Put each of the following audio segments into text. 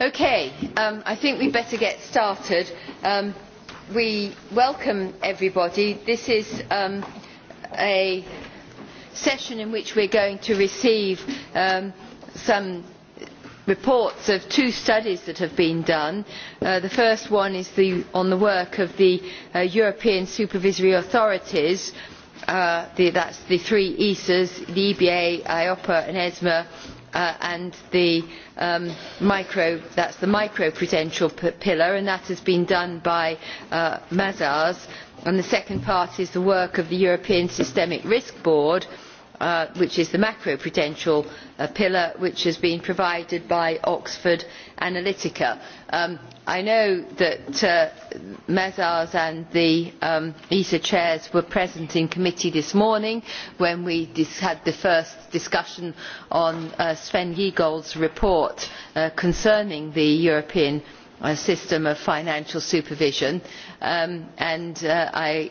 Okay, um, I think we better get started. Um, we welcome everybody. This is um, a session in which we are going to receive some reports of two studies that have been done. Uh, the first one is on the work of the uh, European Supervisory Authorities, uh, the, that's the three ESAs, the EBA, EIOPA and ESMA, Uh, and the um, micro the prudential pillar and that has been done by uh, mazars and the second part is the work of the european systemic risk board Uh, which is the macro prudential uh, pillar which has been provided by Oxford Analytica. Um, I know that uh, and the um, ESA chairs were present in committee this morning when we had the first discussion on uh, Sven Giegold's report concerning the European system of financial supervision um, and I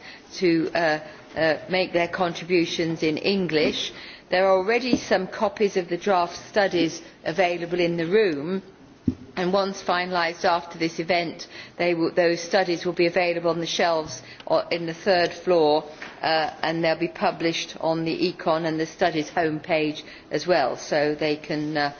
to uh, uh, make their contributions in english. there are already some copies of the draft studies available in the room and once finalised after this event those studies will be available on the shelves uh, in the third floor uh, and they will be published on the econ and the studies homepage as well so they can uh,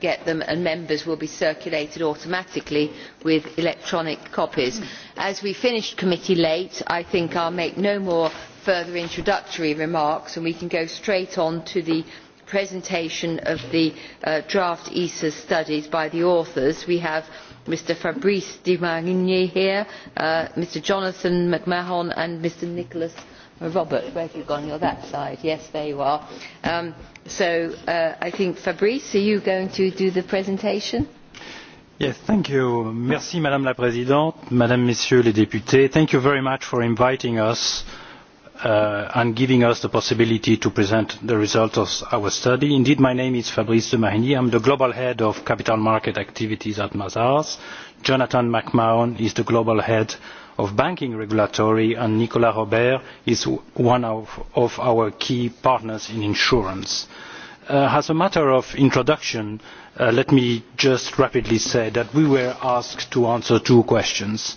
get them and members will be circulated automatically with electronic copies. as we finished committee late i think i will make no more further introductory remarks and we can go straight on to the presentation of the uh, draft ESA studies by the authors. We have Mr Fabrice de Marigny here, uh, Mr Jonathan McMahon and Mr Nicholas Robert. Where have you gone? You're that side. Yes, there you are. Um, so uh, I think Fabrice, are you going to do the presentation? Yes, thank you. Merci, Madame la Présidente, Madame, Messieurs les députés. Thank you very much for inviting us. Uh, Uh, and giving us the possibility to present the results of our study. Indeed, my name is Fabrice de Marigny. I'm the global head of capital market activities at Mazars. Jonathan McMahon is the global head of banking regulatory and Nicolas Robert is one of, of our key partners in insurance. Uh, as a matter of introduction, uh, let me just rapidly say that we were asked to answer two questions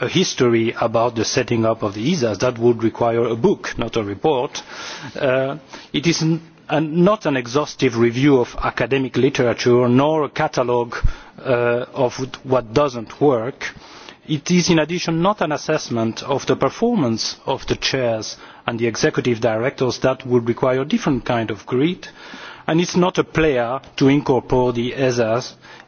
a history about the setting up of the esas that would require a book not a report. Uh, it is an, not an exhaustive review of academic literature nor a catalogue uh, of what does not work. it is in addition not an assessment of the performance of the chairs and the executive directors that would require a different kind of grid and it is not a player to incorporate the esas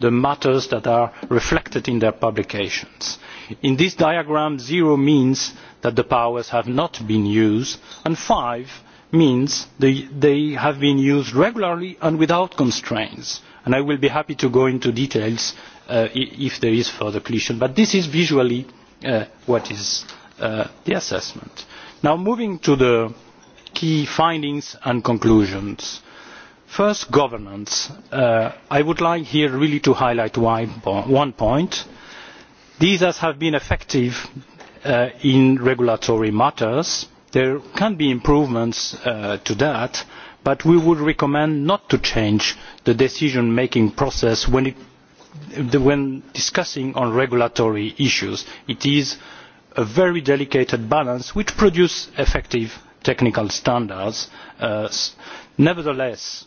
the matters that are reflected in their publications. in this diagram zero means that the powers have not been used and five means they, they have been used regularly and without constraints. And i will be happy to go into details uh, if there is further question. but this is visually uh, what is uh, the assessment. now moving to the key findings and conclusions first governance uh, i would like here really to highlight one point these have been effective uh, in regulatory matters there can be improvements uh, to that but we would recommend not to change the decision making process when, it, when discussing on regulatory issues. it is a very delicate balance which produces effective technical standards. Uh, nevertheless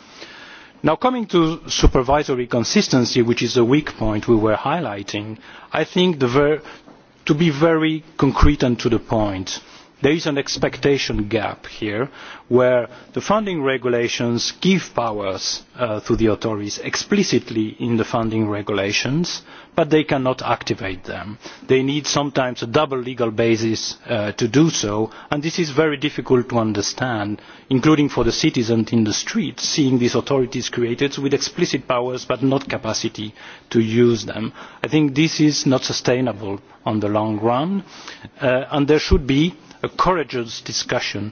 Now, coming to supervisory consistency, which is a weak point we were highlighting, I think to be very concrete and to the point, there is an expectation gap here where the funding regulations give powers uh, to the authorities explicitly in the funding regulations but they cannot activate them. they need sometimes a double legal basis uh, to do so and this is very difficult to understand including for the citizens in the streets seeing these authorities created with explicit powers but not capacity to use them. i think this is not sustainable in the long run uh, and there should be a courageous discussion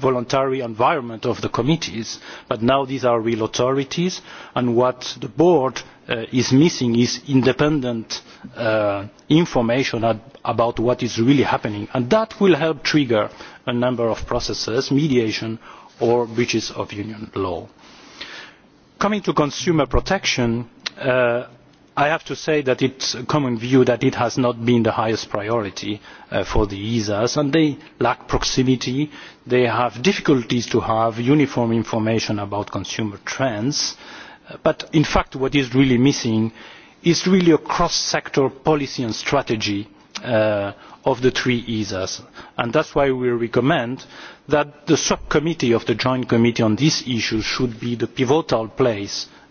voluntary environment of the committees but now these are real authorities and what the board uh, is missing is independent uh, information about what is really happening and that will help trigger a number of processes mediation or breaches of union law. coming to consumer protection uh, i have to say that it is a common view that it has not been the highest priority uh, for the esas and they lack proximity they have difficulties to have uniform information about consumer trends uh, but in fact what is really missing is really a cross sector policy and strategy uh, of the three esas and that is why we recommend that the subcommittee of the joint committee on this issue should be the pivotal place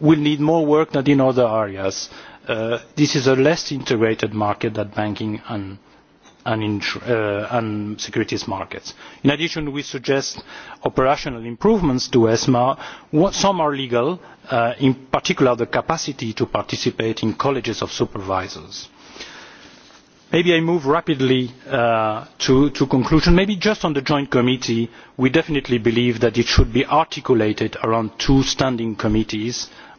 will need more work than in other areas. Uh, this is a less integrated market than banking and, and, uh, and securities markets. In addition, we suggest operational improvements to ESMA. some are legal, uh, in particular the capacity to participate in colleges of supervisors. Maybe I move rapidly uh, to, to conclusion. Maybe just on the joint committee, we definitely believe that it should be articulated around two standing committees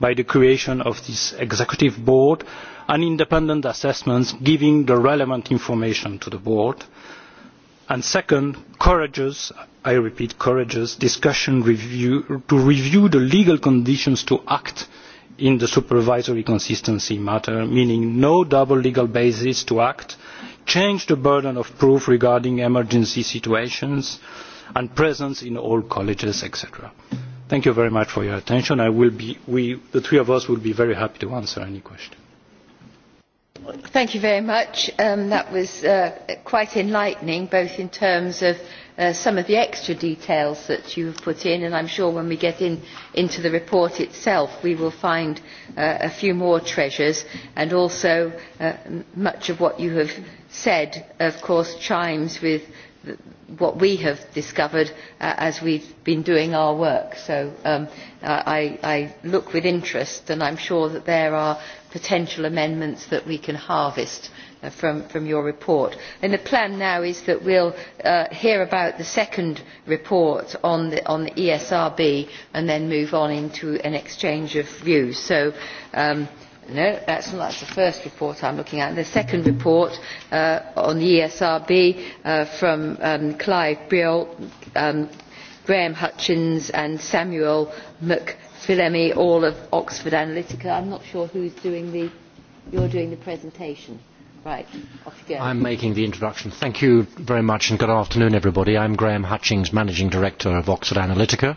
by the creation of this executive board and independent assessments giving the relevant information to the board and second courageous i repeat courageous discussion to review the legal conditions to act in the supervisory consistency matter meaning no double legal basis to act change the burden of proof regarding emergency situations and presence in all colleges etc. Thank you very much for your attention. I will be, we, the three of us will be very happy to answer any question. Thank you very much. Um, that was uh, quite enlightening, both in terms of uh, some of the extra details that you have put in, and I'm sure when we get in, into the report itself, we will find uh, a few more treasures, and also uh, much of what you have said, of course, chimes with the, what we have discovered uh, as we have been doing our work. So um, uh, I, look with interest and I am sure that there are potential amendments that we can harvest uh, from, your report. And the plan now is that we will hear about the second report on the, ESRB and then move on into an exchange of views. So um, No, that's not that's the first report I'm looking at. The second report uh, on the ESRB uh, from um, Clive Brill, um, Graham Hutchins and Samuel McPhillemy, all of Oxford Analytica. I'm not sure who's doing the... You're doing the presentation. Right, off you go. I'm making the introduction. Thank you very much and good afternoon, everybody. I'm Graham Hutchings, Managing Director of Oxford Analytica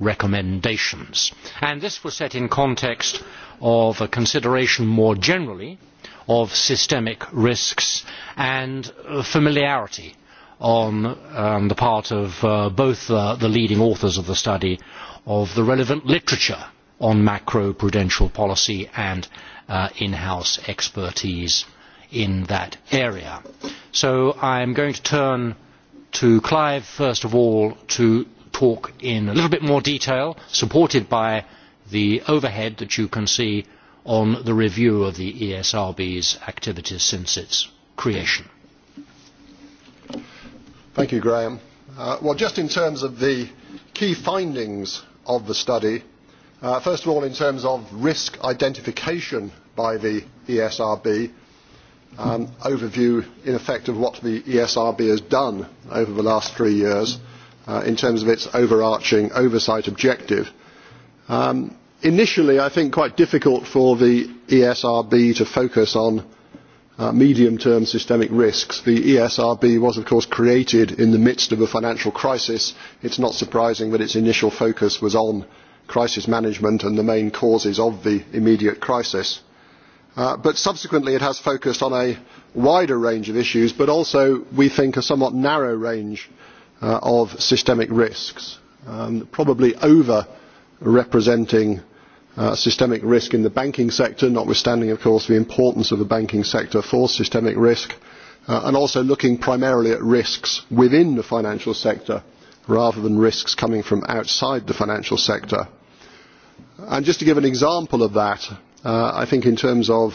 recommendations. And this was set in context of a consideration more generally of systemic risks and familiarity on um, the part of uh, both uh, the leading authors of the study of the relevant literature on macroprudential policy and uh, in-house expertise in that area. So I'm going to turn to Clive first of all to talk in a little bit more detail, supported by the overhead that you can see on the review of the ESRB's activities since its creation. Thank you, Graham. Uh, well, just in terms of the key findings of the study, uh, first of all, in terms of risk identification by the ESRB, um, overview in effect of what the ESRB has done over the last three years uh, in terms of its overarching oversight objective. Um, initially, I think quite difficult for the ESRB to focus on uh, medium-term systemic risks. The ESRB was, of course, created in the midst of a financial crisis. It's not surprising that its initial focus was on crisis management and the main causes of the immediate crisis. Uh, but subsequently it has focused on a wider range of issues, but also, we think, a somewhat narrow range uh, of systemic risks, um, probably over representing uh, systemic risk in the banking sector, notwithstanding, of course, the importance of the banking sector for systemic risk, uh, and also looking primarily at risks within the financial sector rather than risks coming from outside the financial sector. And just to give an example of that, uh, I think in terms of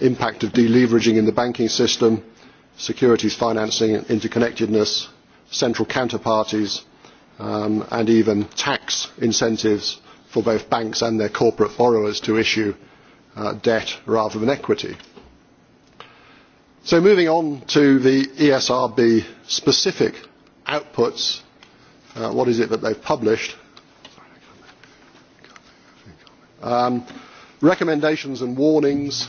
impact of deleveraging in the banking system, securities financing, interconnectedness, central counterparties, um, and even tax incentives for both banks and their corporate borrowers to issue uh, debt rather than equity. moving on to the ESRB specific outputs, uh, what is it that they've published? Um, recommendations and warnings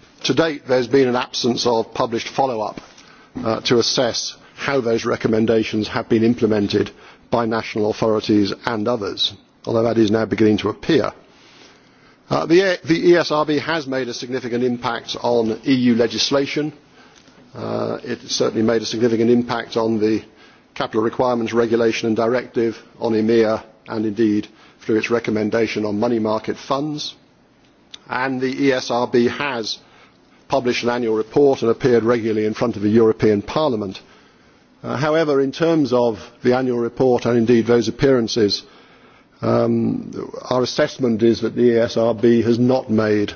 to date there has been an absence of published follow up uh, to assess how those recommendations have been implemented by national authorities and others although that is now beginning to appear. Uh, the, the esrb has made a significant impact on eu legislation. Uh, it certainly made a significant impact on the capital requirements regulation and directive on emir and indeed through its recommendation on money market funds and the esrb has published an annual report and appeared regularly in front of the European Parliament. Uh, however, in terms of the annual report and indeed those appearances, um, our assessment is that the ESRB has not made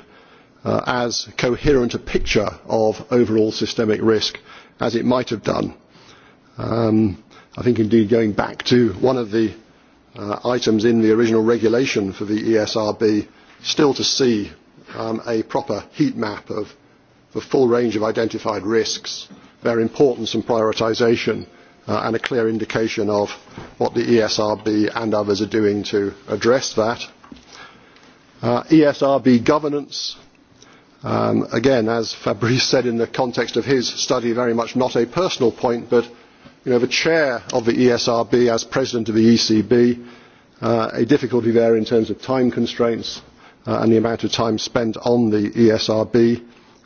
uh, as coherent a picture of overall systemic risk as it might have done. Um, I think indeed going back to one of the uh, items in the original regulation for the ESRB, still to see um, a proper heat map of the full range of identified risks, their importance and prioritisation, uh, and a clear indication of what the ESRB and others are doing to address that. Uh, ESRB governance, um, again, as Fabrice said in the context of his study, very much not a personal point, but you know, the chair of the ESRB as president of the ECB, uh, a difficulty there in terms of time constraints uh, and the amount of time spent on the ESRB.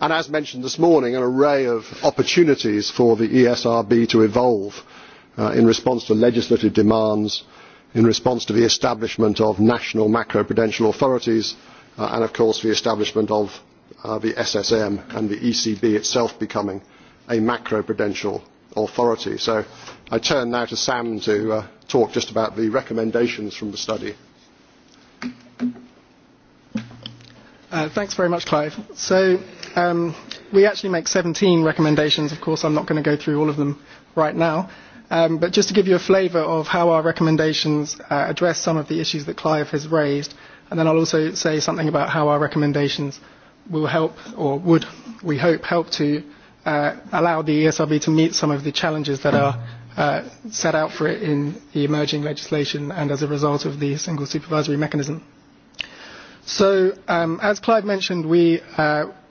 and as mentioned this morning an array of opportunities for the esrb to evolve uh, in response to legislative demands in response to the establishment of national macroprudential authorities uh, and of course the establishment of uh, the ssm and the ecb itself becoming a macroprudential authority. so i turn now to sam to uh, talk just about the recommendations from the study. Uh, thanks very much, Clive. So Um, we actually make 17 recommendations. Of course, I'm not going to go through all of them right now. Um, but just to give you a flavour of how our recommendations uh, address some of the issues that Clive has raised, and then I'll also say something about how our recommendations will help, or would, we hope, help to uh, allow the ESRB to meet some of the challenges that are uh, set out for it in the emerging legislation and as a result of the single supervisory mechanism. So, um, as Clive mentioned, we uh,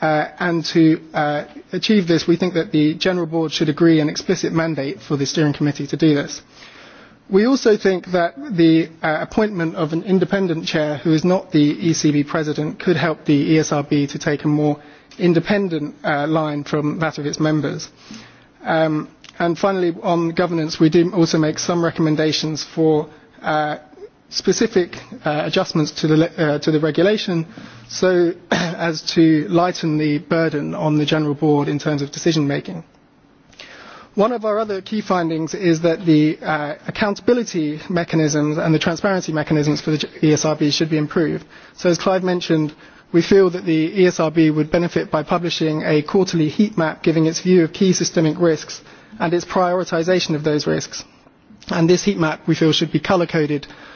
Uh, and to uh, achieve this, we think that the General Board should agree an explicit mandate for the Steering Committee to do this. We also think that the uh, appointment of an independent chair who is not the ECB president could help the ESRB to take a more independent uh, line from that of its members. Um, and finally, on governance, we do also make some recommendations for uh, specific uh, adjustments to the, uh, to the regulation so as to lighten the burden on the General Board in terms of decision making. One of our other key findings is that the uh, accountability mechanisms and the transparency mechanisms for the ESRB should be improved. So as Clive mentioned, we feel that the ESRB would benefit by publishing a quarterly heat map giving its view of key systemic risks and its prioritisation of those risks. And this heat map, we feel, should be colour-coded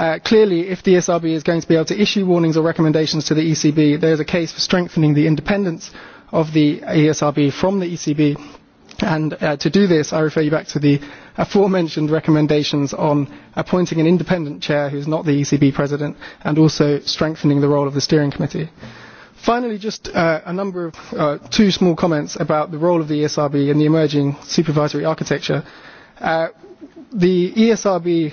Uh, clearly, if the ESRB is going to be able to issue warnings or recommendations to the ECB, there is a case for strengthening the independence of the ESRB from the ECB. And uh, to do this, I refer you back to the aforementioned recommendations on appointing an independent chair who is not the ECB president and also strengthening the role of the steering committee. Finally, just uh, a number of uh, two small comments about the role of the ESRB in the emerging supervisory architecture. Uh, the ESRB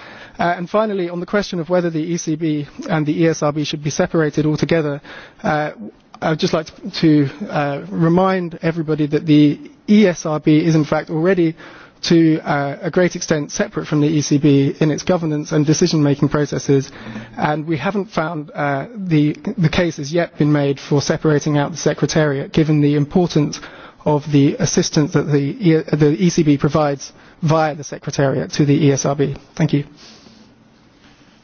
Uh, and finally, on the question of whether the ECB and the ESRB should be separated altogether, uh, I would just like to, to uh, remind everybody that the ESRB is in fact already to uh, a great extent separate from the ECB in its governance and decision-making processes, and we haven't found uh, the, the case has yet been made for separating out the Secretariat, given the importance of the assistance that the, the ECB provides via the Secretariat to the ESRB. Thank you.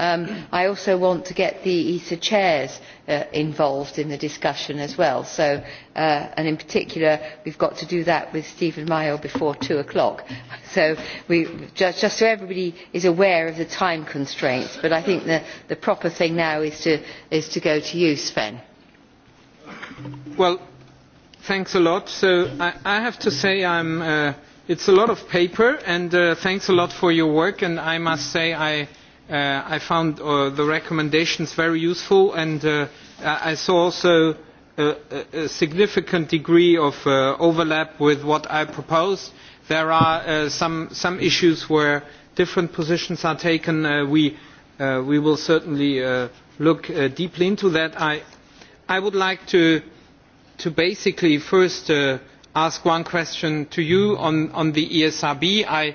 Um, I also want to get the ESA chairs uh, involved in the discussion as well. So, uh, and in particular, we've got to do that with Stephen Mayo before two o'clock. So, just, so everybody is aware of the time constraints. But I think the, proper thing now is to, go to you, Sven. Well, thanks a lot. So I, have to say it is uh, it's a lot of paper, and thanks a lot for your work. And I must say I Uh, I found uh, the recommendations very useful and uh, I saw also a, a significant degree of uh, overlap with what I proposed. There are uh, some, some, issues where different positions are taken. We, we, will certainly look deeply into that. I, I would like to, to basically first ask one question to you on, on the ESRB. I,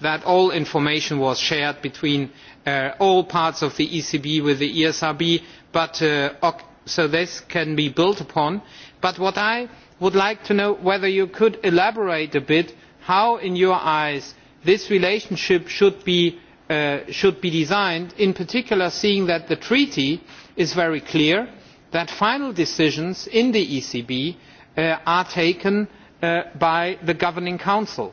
that all information was shared between uh, all parts of the ECB with the ESRB, uh, so this can be built upon. But what I would like to know whether you could elaborate a bit how, in your eyes, this relationship should be uh, designed, in particular seeing that the treaty is very clear that final decisions in the ECB are taken by the governing council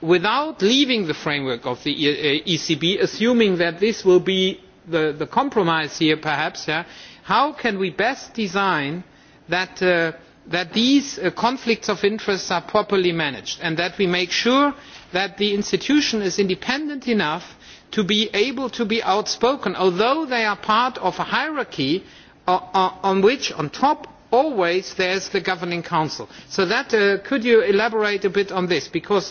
without leaving the framework of the ecb uh, assuming that this will be the, compromise here perhaps how can we best design that, uh, these uh, conflicts of interest are properly managed and that we make sure that the institution is independent enough to be able to be outspoken although they are part of a hierarchy on which on top always there is the governing council. so that, could you elaborate a bit on this because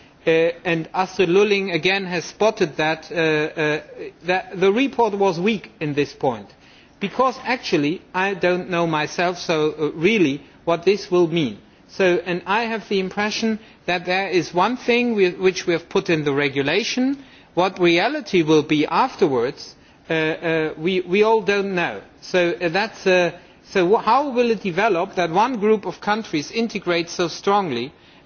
Uh, and astrid lulling again has spotted that, uh, uh, the report was weak on this point because actually i do not know myself so really what this will mean. So, and i have the impression that there is one thing which we have put in the regulation what reality will be afterwards we, all do not know. So, so how will it develop that one group of countries integrates so strongly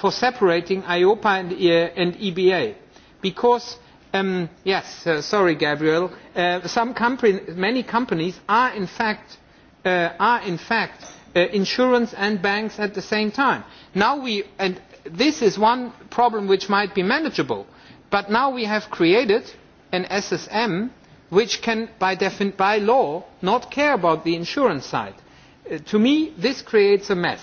for separating EIOPA and, and EBA. Because Um, yes uh, sorry gabriel uh, company, many companies are in fact, uh, are in fact uh, insurance and banks at the same time. We, this is one problem which might be manageable but now we have created an ssm which can by, by law not care about the insurance side. Uh, to me this creates a mess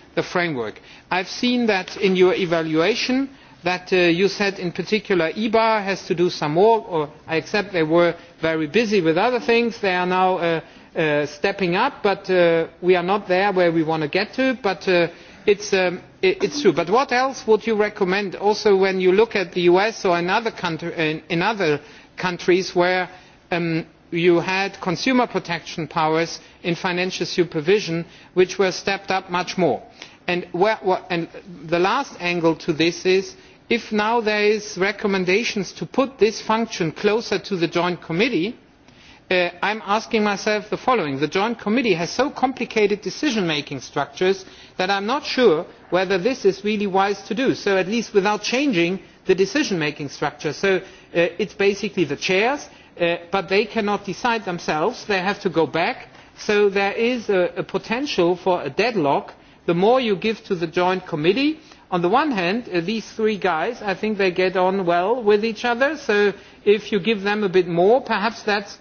the framework. i have seen that in your evaluation that uh, you said in particular eba has to do some more or i accept they were very busy with other things they are now uh, uh, stepping up but we are not there where we want to get to but it's, um, it is true. but what else would you recommend also when you look at the us or in other, countries where um, you had consumer protection powers in financial supervision which were stepped up much more. And the last angle to this is if now there are recommendations to put this function closer to the joint committee uh, i am asking myself the following the joint committee has so complicated decision making structures that i am not sure whether this is really wise to do so at least without changing the decision making structure. so uh, it is basically the chairs Uh, but they cannot decide themselves they have to go back so there is a, potential for a deadlock the more you give to the joint committee on the one hand uh, these three guys i think they get on well with each other so if you give them a bit more perhaps that's,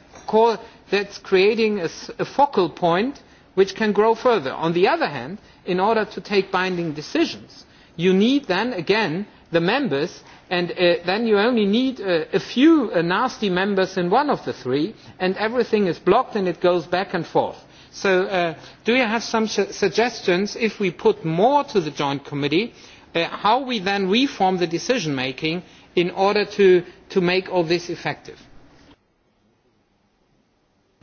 is creating a focal point which can grow further. on the other hand in order to take binding decisions you need then again the members and uh, then you only need uh, a few uh, nasty members in one of the three and everything is blocked and it goes back and forth. so do you have some suggestions if we put more to the joint committee how we then reform the decision making in order to, to make all this effective?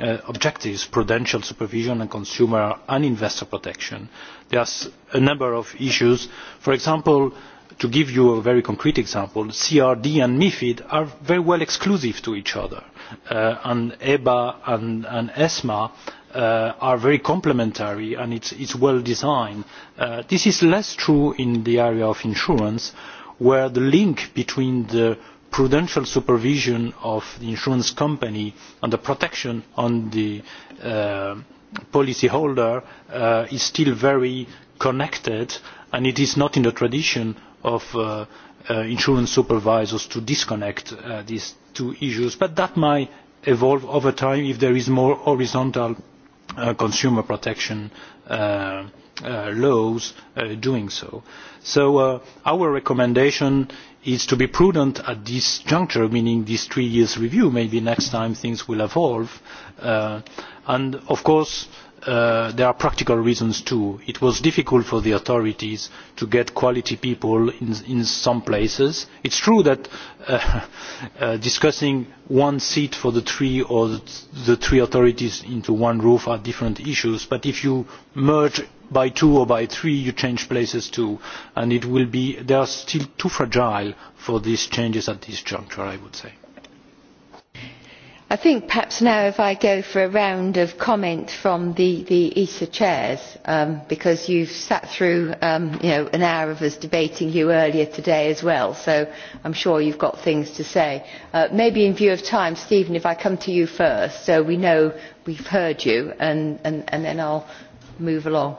Uh, objectives prudential supervision and consumer and investor protection. there are a number of issues for example to give you a very concrete example crd and mifid are very well exclusive to each other uh, and eba and, esma uh, are very complementary and it is well designed. this is less true in the area of insurance where the link between the prudential supervision of the insurance company and the protection on the uh, policyholder uh, is still very connected and it is not in the tradition of uh, uh insurance supervisors to disconnect uh, these two issues but that might evolve over time if there is more horizontal uh, consumer protection laws doing so. so our recommendation is is to be prudent at this juncture, meaning this three years review. Maybe next time things will evolve. Uh, and of course, uh, there are practical reasons too. It was difficult for the authorities to get quality people in, in some places. It's true that uh, uh, discussing one seat for the three or the three authorities into one roof are different issues, but if you merge by two or by three you change places too and it will be they are still too fragile for these changes at this juncture i would say i think perhaps now if i go for a round of comment from the, the ESA chairs, um, because you've sat through um, you know, an hour of us debating you earlier today as well, so I'm sure you've got things to say. Uh, maybe in view of time, Stephen, if I come to you first, so we know we've heard you, and, and, and then I'll move along.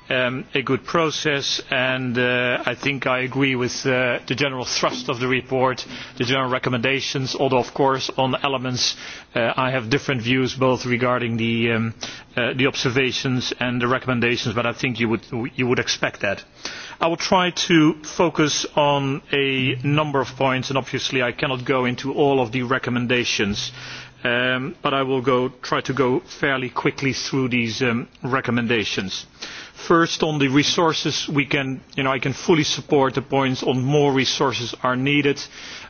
Um, a good process and uh, I think I agree with uh, the general thrust of the report, the general recommendations, although of course on elements uh, I have different views both regarding um, the, observations and the recommendations, but I think you would, expect that. I will try to focus on a number of points and obviously I cannot go into all of the recommendations. Um, but I will try to go fairly quickly through these recommendations first on the resources we can, you know, i can fully support the points on more resources are needed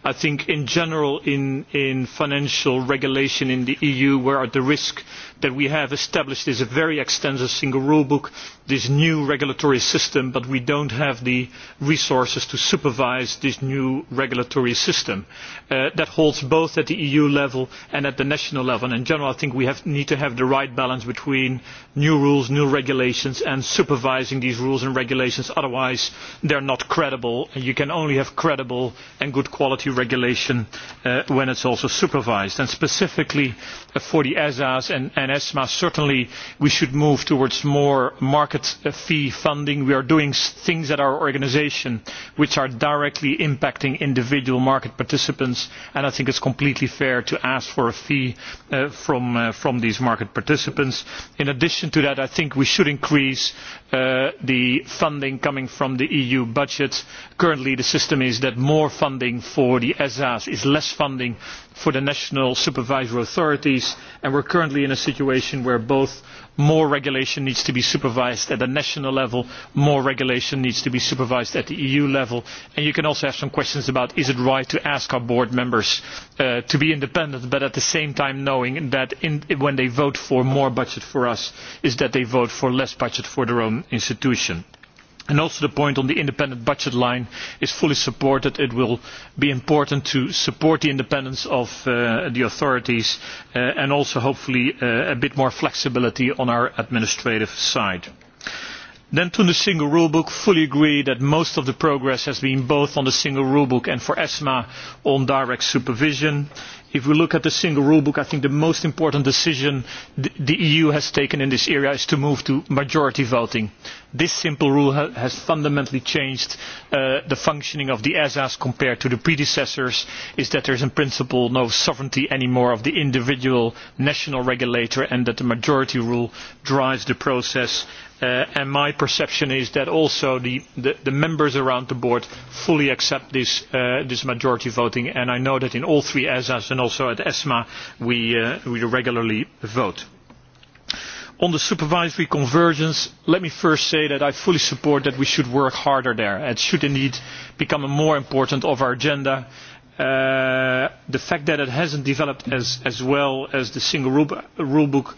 i think in general in, in financial regulation in the eu we are at the risk that we have established this very extensive single rule book this new regulatory system but we do not have the resources to supervise this new regulatory system. Uh, that holds both at the eu level and at the national level and in general i think we have, need to have the right balance between new rules new regulations and supervising these rules and regulations otherwise they are not credible and you can only have credible and good quality regulation uh, when it is also supervised. And specifically uh, for the esas and, and esma certainly we should move towards more market uh, fee funding. we are doing things at our organisation which are directly impacting individual market participants and i think it is completely fair to ask for a fee uh, from, uh, from these market participants. in addition to that i think we should increase uh, the funding coming from the eu budget. currently the system is that more funding for the ESAs is less funding for the national supervisory authorities and we are currently in a situation where both more regulation needs to be supervised at the national level and more regulation needs to be supervised at the eu level you can also have some questions about whether it is right to ask our board members uh, to be independent but at the same time knowing that when they vote for more budget for us is that they vote for less budget for their own institution. And also the point on the independent budget line is fully supported. It will be important to support the independence of uh, the authorities uh, and also hopefully uh, a bit more flexibility on our administrative side. Then to the single rule book i fully agree that most of the progress has been both on the single rule book and for ESMA on direct supervision if we look at the single rule book I think the most important decision the EU has taken in this area is to move to majority voting this simple rule ha has fundamentally changed uh, the functioning of the ESAs compared to the predecessors, is that there is in principle no sovereignty anymore of the individual national regulator and that the majority rule drives the process. Uh, and my perception is that also the, the, the, members around the board fully accept this, uh, this majority voting. And I know that in all three ESAs and also at ESMA, we, uh, we regularly vote on the supervisory convergence let me first say that i fully support that we should work harder there. it should indeed become more important on our agenda. Uh, the fact that it has not developed as, as well as the single rule book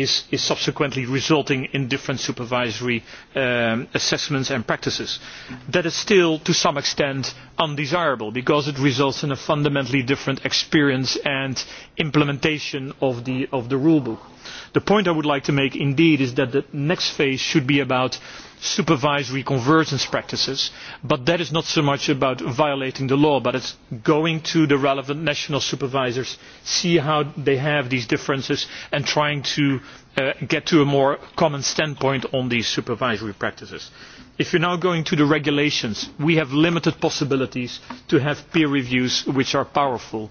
is, subsequently resulting in different supervisory um, assessments and practices. That is still, to some extent, undesirable because it results in a fundamentally different experience and implementation of the, of the rule book the point i would like to make indeed is that the next phase should be about supervisory convergence practices but that is not so much about violating the law but it is going to the relevant national supervisors seeing how they have these differences and trying to uh, get to a more common standpoint on these supervisory practices. if you are now going to the regulations we have limited possibilities to have peer reviews which are powerful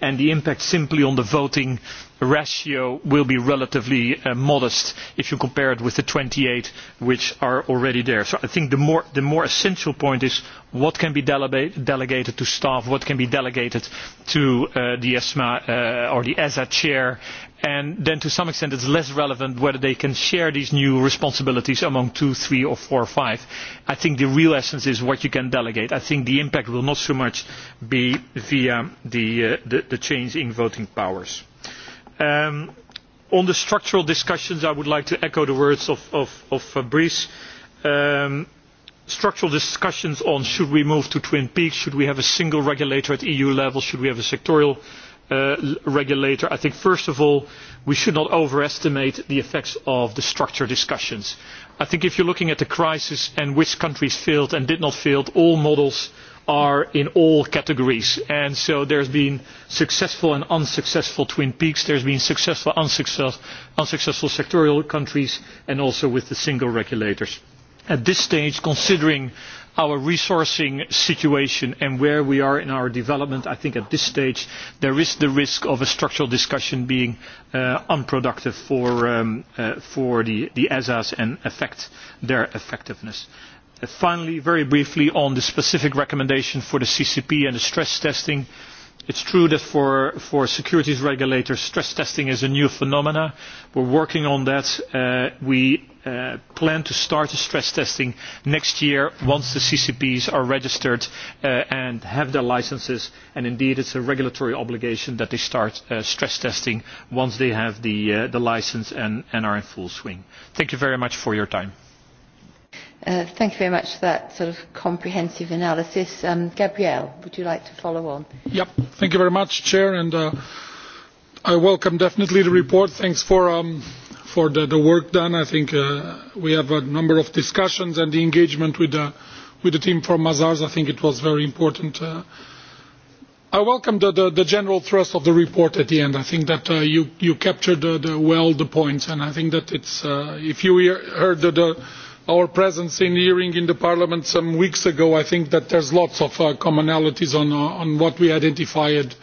and the impact simply on the voting ratio will be relatively uh, modest if you compare it with the 28 which are already there. So I think the more, the more essential point is what can be delegated to staff, what can be delegated to uh, the ESMA uh, or the ESA chair, and then to some extent it is less relevant whether they can share these new responsibilities among two three or four or five. i think the real essence is what you can delegate. i think the impact will not so much be via the, uh, the, change in voting powers. Um, on the structural discussions i would like to echo the words of, fabrice. Um, structural discussions on should we move to twin peaks should we have a single regulator at eu level should we have a sectoral Uh, regulator i think first of all we should not overestimate the effects of the structure discussions. i think if you are looking at the crisis and which countries failed and did not fail all models are in all categories and so there have been successful and unsuccessful twin peaks there have been successful and unsuccessful sectoral countries and also with the single regulators. at this stage considering our resourcing situation and where we are in our development, I think at this stage there is the risk of a structural discussion being uh, unproductive for, um, uh, the, ESAs and affect their effectiveness. Uh, finally, very briefly on the specific recommendation for the CCP and the stress testing, It is true that for, securities regulators, stress testing is a new phenomenon. We are working on that. we Uh, plan to start the stress testing next year once the CCPs are registered uh, and have their licenses. And indeed, it's a regulatory obligation that they start uh, stress testing once they have the, uh, the license and, and are in full swing. Thank you very much for your time. Uh, thank you very much for that sort of comprehensive analysis. Um, Gabrielle, would you like to follow on? Yep. Thank you very much, Chair. And uh, I welcome definitely the report. Thanks for um, for the, the work done. I think uh, we have a number of discussions and the engagement with the, with the team from Mazars. I think it was very important. Uh, I welcome the, the, the general thrust of the report at the end. I think that uh, you, you captured the, the well the points, and I think that it's, uh, if you hear, heard the, the our presence in the hearing in the parliament some weeks ago i think that there are lots of uh, commonalities uh, on, what we identified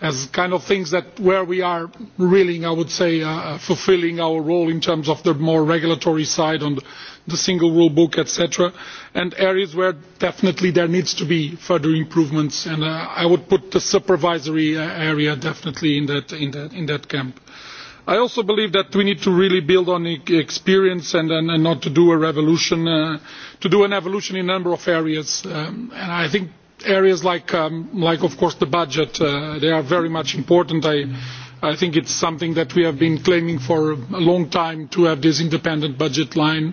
as kind of things that where we are really i would say uh, fulfilling our role in terms of the more regulatory side on the single rule book etc and areas where definitely there needs to be further improvements and i would put the supervisory area definitely in that, in that, in that camp i also believe that we need to really build on experience and, and, and not to do a revolution uh, to do an evolution in a number of areas um, and i think areas like, um, like of course the budget uh, they are very much important i i think it's something that we have been claiming for a long time to have this independent budget line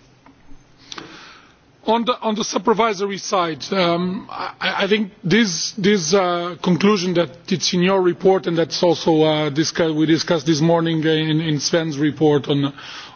On the, supervisory side um, I, think this, uh, conclusion that is in your report and that uh, we discussed this morning in, in sven's report on,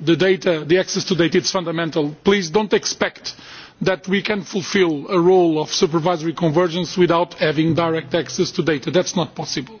the data the access to data is fundamental. please do not expect that we can fulfil a role of supervisory convergence without having direct access to data that is not possible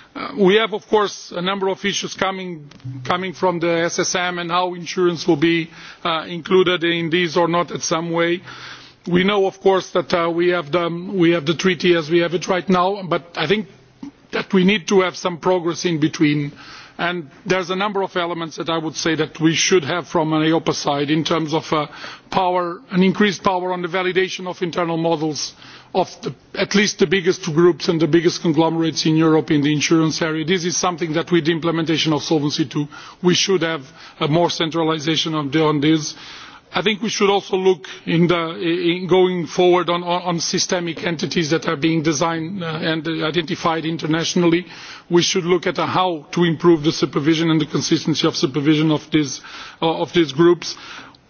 Uh, we have of course a number of issues coming, from the ssm and how insurance will be uh, included in these or not in some way. we know of course that uh, we, have the, we have the treaty as we have it right now but i think that we need to have some progress in between and are a number of elements that I would say that we should have from an eiopa side in terms of uh, power, an increased power on the validation of internal models of at least the biggest groups and the biggest conglomerates in Europe in the insurance area. This is something that with the implementation of Solvency II, we should have a more centralisation on this i think we should also look in the, in going forward on, on systemic entities that are being designed uh, and identified internationally. we should look at how to improve the supervision and the consistency of supervision of these, uh, of these groups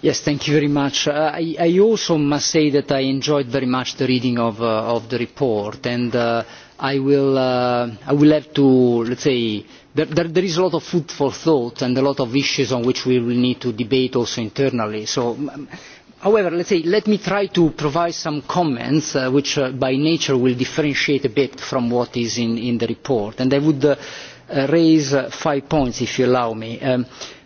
Yes, thank you very much. Uh, I, I also must say that I enjoyed very much the reading of, uh, of the report, and uh, I, will, uh, I will have to, let's say, there, there, there is a lot of food for thought and a lot of issues on which we will need to debate also internally. So, however, let's say, let me try to provide some comments uh, which uh, by nature will differentiate a bit from what is in, in the report. And I would uh, raise uh, five points, if you allow me. Um,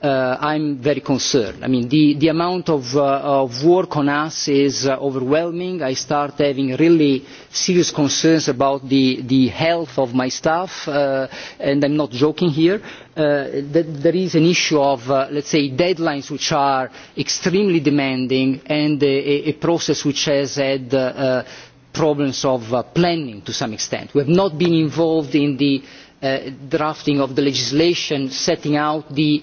Uh, I'm very concerned. I mean, the, the amount of, uh, of work on us is uh, overwhelming. I start having really serious concerns about the, the health of my staff, uh, and I'm not joking here. Uh, there is an issue of, uh, let's say, deadlines which are extremely demanding and a, a process which has had uh, uh, problems of uh, planning to some extent. We have not been involved in the uh, drafting of the legislation setting out the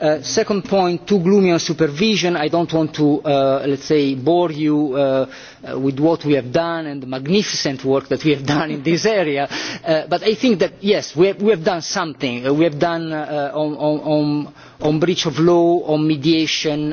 Uh, second point too gloomy on supervision i do not want to uh, say bore you uh, with what we have done and the magnificent work that we have done in this area but i think that yes we have, done something we have done on, on breach of law on mediation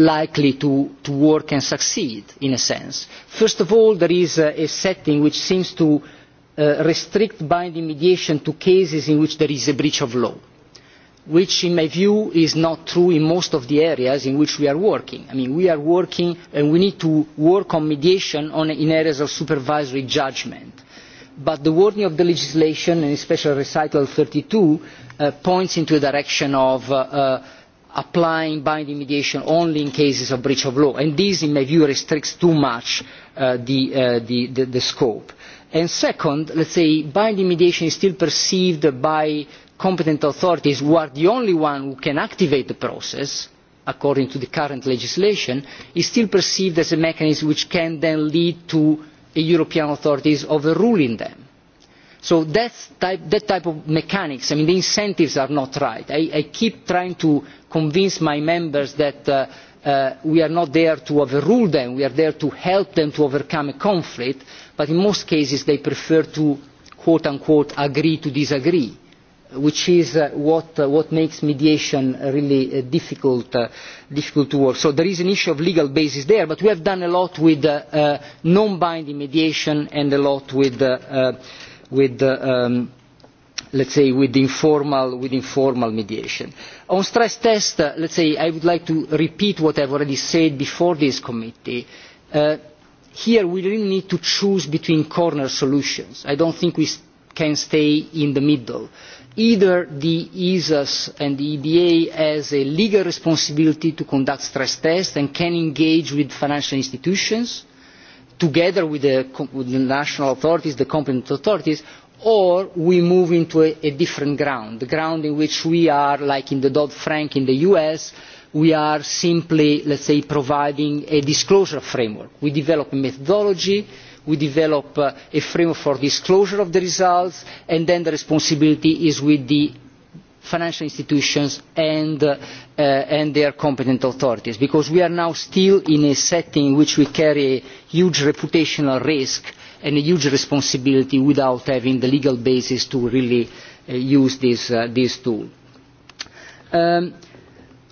likely to, to work and succeed in a sense. First of all, there is a, a setting which seems to uh, restrict binding mediation to cases in which there is a breach of law which in my view is not true in most of the areas in which we are working. I mean, we are working and we need to work on mediation on, in areas of supervisory judgment. But the wording of the legislation, and especially recital 32, uh, points into a direction of uh, uh, applying binding mediation only in cases of breach of law and this in my view restricts too much uh, uh, the, scope. And second say binding mediation is still perceived by competent authorities who are the only ones who can activate the process according to the current legislation is still perceived as a mechanism which can then lead to european authorities overruling them so that type of mechanics I mean, the incentives are not right. I, i keep trying to convince my members that uh, uh, we are not there to overrule them we are there to help them to overcome a conflict but in most cases they prefer to quote unquote agree to disagree which is uh, what, makes mediation really difficult, to work. So there is an issue of legal basis there, but we have done a lot with non-binding mediation and a lot with, um, let's say with informal, with informal mediation. On stress test, let's say I would like to repeat what I've already said before this committee. Uh, here we really need to choose between corner solutions. I don't think we can stay in the middle. Either the ESAS and the EBA has a legal responsibility to conduct stress tests and can engage with financial institutions, together with the, with the national authorities, the competent authorities, or we move into a, a different ground the ground in which we are like in the dodd frank in the us we are simply let's say providing a disclosure framework we develop a methodology we develop uh, a framework for disclosure of the results and then the responsibility is with the financial institutions and, uh, uh, and their competent authorities because we are now still in a setting in which we carry a huge reputational risk and a huge responsibility without having the legal basis to really uh, use this, uh, this tool. Um,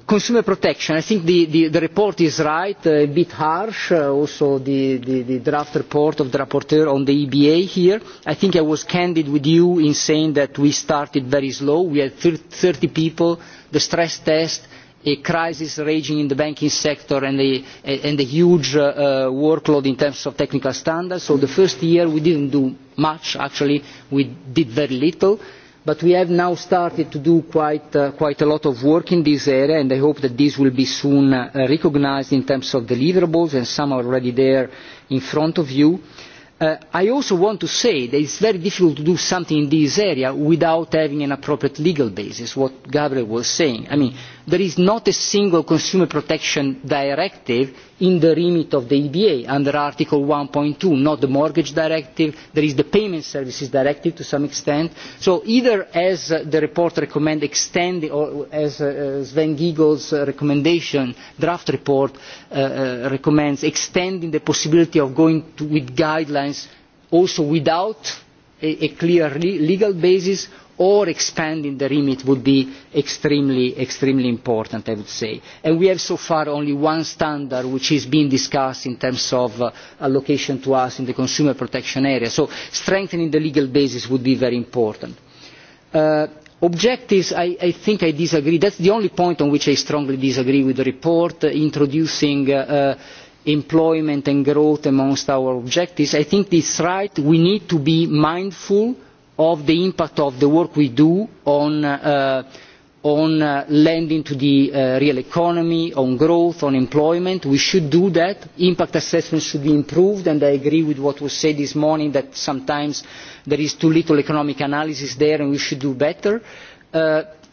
consumer protection. I think the, the, the report is right, uh, a bit harsh, uh, also the, the, the draft report of the rapporteur on the EBA here. I think I was candid with you in saying that we started very slow. We had 30 people, the stress test, a crisis raging in the banking sector and a, and a huge uh, uh, workload in terms of technical standards. So the first year we didn't do much, actually. We did very little. But we have now started to do quite, uh, quite a lot of work in this area, and I hope that this will be soon uh, recognized in terms of deliverables, and some are already there in front of you. Uh, Uh, I also want to say that it is very difficult to do something in this area without having an appropriate legal basis, what Gabriel was saying. I mean, there is not a single consumer protection directive in the remit of the EBA under Article 1.2, not the Mortgage Directive. There is the Payment Services Directive to some extent. So either as uh, the report recommends, extend, or as uh, Sven Giegel's uh, recommendation, draft report uh, uh, recommends, extending the possibility of going to, with guidelines also without a, a clear le legal basis, or expanding the remit would be extremely, extremely important, I would say. And we have so far only one standard which is being discussed in terms of uh, allocation to us in the consumer protection area. So strengthening the legal basis would be very important. Uh, objectives I, i think i disagree that is the only point on which i strongly disagree with the report uh, introducing uh, uh, employment and growth amongst our objectives. i think it is right we need to be mindful of the impact of the work we do on, uh, on uh, lending to the uh, real economy, on growth, on employment. We should do that. Impact assessments should be improved, and I agree with what was said this morning that sometimes there is too little economic analysis there and we should do better. Uh,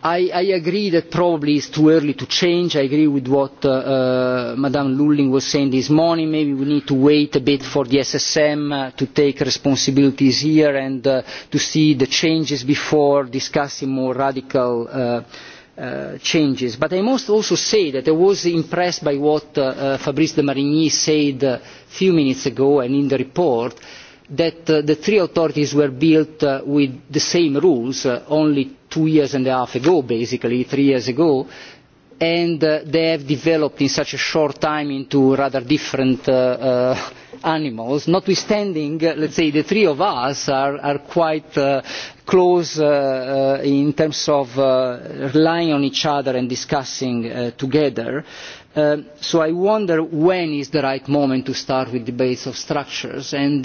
I, I agree that probably it's too early to change. I agree with what uh, uh, Madame Lulling was saying this morning. Maybe we need to wait a bit for the SSM uh, to take responsibilities here and uh, to see the changes before discussing more radical uh, Uh, changes. But I must also say that I was impressed by what uh, uh, Fabrice de Marigny said a few minutes ago and in the report that uh, the three authorities were built uh, with the same rules, uh, only two years and a half ago basically three years ago and uh, they have developed in such a short time into rather different uh, uh, animals notwithstanding uh, let's say the three of us are, are quite uh, close uh, in terms of relying on each other and discussing together um, so i wonder when is the right moment to start with debates of structures and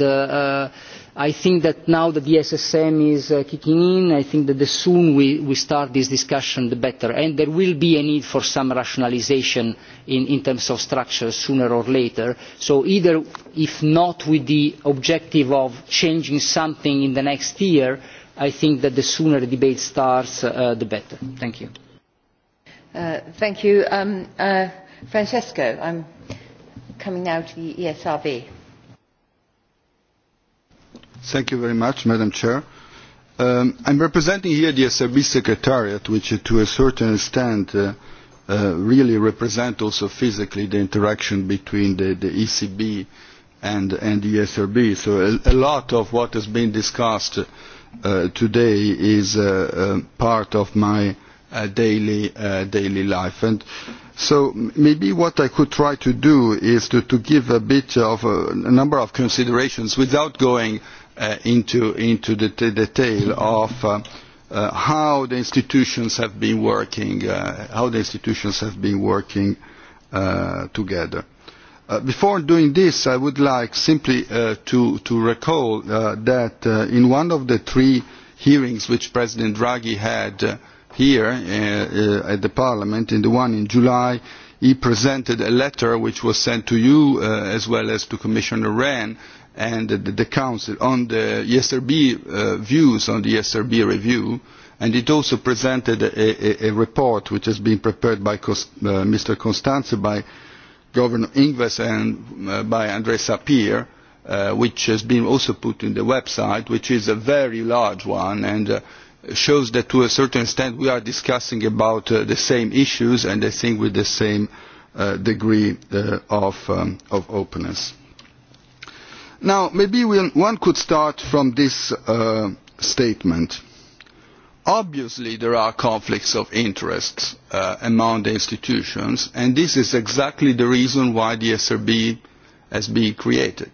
I think that now that the SSM is uh, kicking in, I think that the soon we, we start this discussion, the better. And there will be a need for some rationalization in, in terms of structure sooner or later. So either, if not with the objective of changing something in the next year, I think that the sooner the debate starts, uh, the better. Thank you. Uh, thank you. Um, uh, Francesco, I'm coming now to the ESRB. Thank you very much, Madam Chair. Um, I'm representing here the SRB Secretariat, which uh, to a certain extent uh, uh, really represent also physically the interaction between the, the ECB and, and the SRB. So a, a lot of what has been discussed uh, today is uh, uh, part of my uh, daily, uh, daily life. And so maybe what I could try to do is to, to give a bit of a, a number of considerations without going uh, into, into the detail of uh, uh, how the institutions have been working, uh, how the institutions have been working uh, together. Uh, before doing this, I would like simply uh, to, to recall uh, that uh, in one of the three hearings which President Draghi had uh, here uh, uh, at the Parliament, in the one in July, he presented a letter which was sent to you uh, as well as to Commissioner Rehn and the, the Council on the ESRB uh, views on the ESRB review, and it also presented a, a, a report which has been prepared by Cost, uh, Mr. Constanze, by Governor Ingves and uh, by Andres Sapir, uh, which has been also put in the website, which is a very large one and uh, shows that to a certain extent we are discussing about uh, the same issues and I think with the same uh, degree uh, of, um, of openness. Now, maybe we'll, one could start from this uh, statement. Obviously, there are conflicts of interest uh, among the institutions, and this is exactly the reason why the SRB has been created.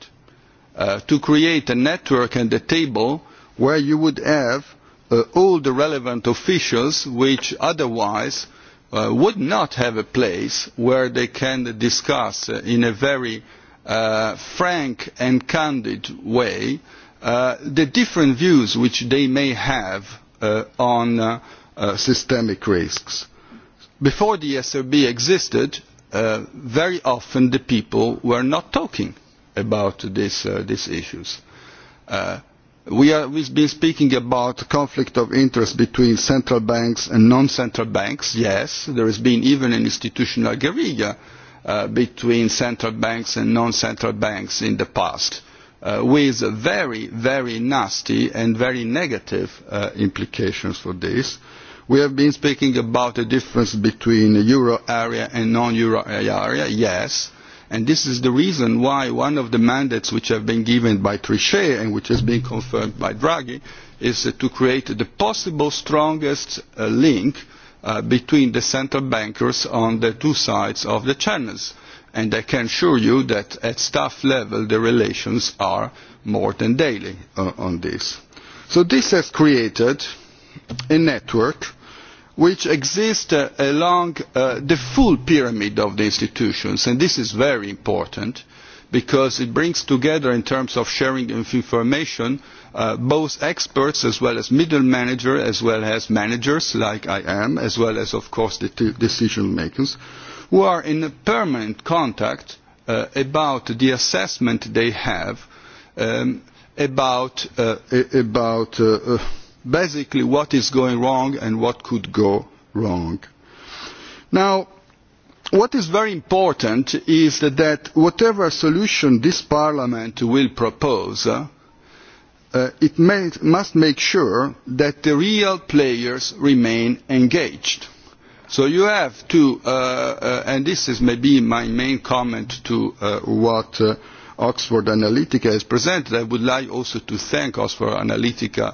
Uh, to create a network and a table where you would have uh, all the relevant officials which otherwise uh, would not have a place where they can discuss uh, in a very uh, frank and candid way uh, the different views which they may have uh, on uh, uh, systemic risks. Before the SRB existed, uh, very often the people were not talking about this, these issues. we have been speaking about conflict of interest between central banks and non-central banks. Yes, there has been even an institutional guerrilla Uh, between central banks and non-central banks in the past, uh, with very, very nasty and very negative uh, implications for this. We have been speaking about the difference between the euro area and non-euro area, yes, and this is the reason why one of the mandates which have been given by Trichet and which has been confirmed by Draghi is uh, to create the possible strongest uh, link Uh, between the central bankers on the two sides of the channels. And I can assure you that at staff level the relations are more than daily uh, on this. So this has created a network which exists uh, along uh, the full pyramid of the institutions, and this is very important because it brings together in terms of sharing of information uh, both experts as well as middle managers as well as managers like I am as well as of course the decision makers who are in permanent contact uh, about the assessment they have um, about, uh, about uh, uh, basically what is going wrong and what could go wrong. Now what is very important is that whatever solution this parliament will propose uh, uh, it may, must make sure that the real players remain engaged. So you have to, uh, uh, and this is maybe my main comment to uh, what uh, Oxford Analytica has presented. I would like also to thank Oxford Analytica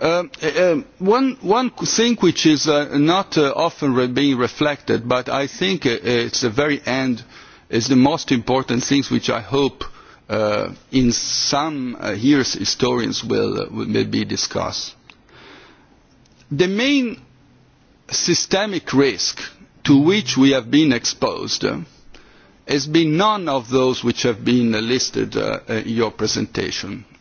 Uh, uh, uh, one, thing which is not often being reflected, but I think at it's the very end, is the most important thing which I hope in some years historians will, maybe discuss. The main systemic risk to which we have been exposed has been none of those which have been listed in your presentation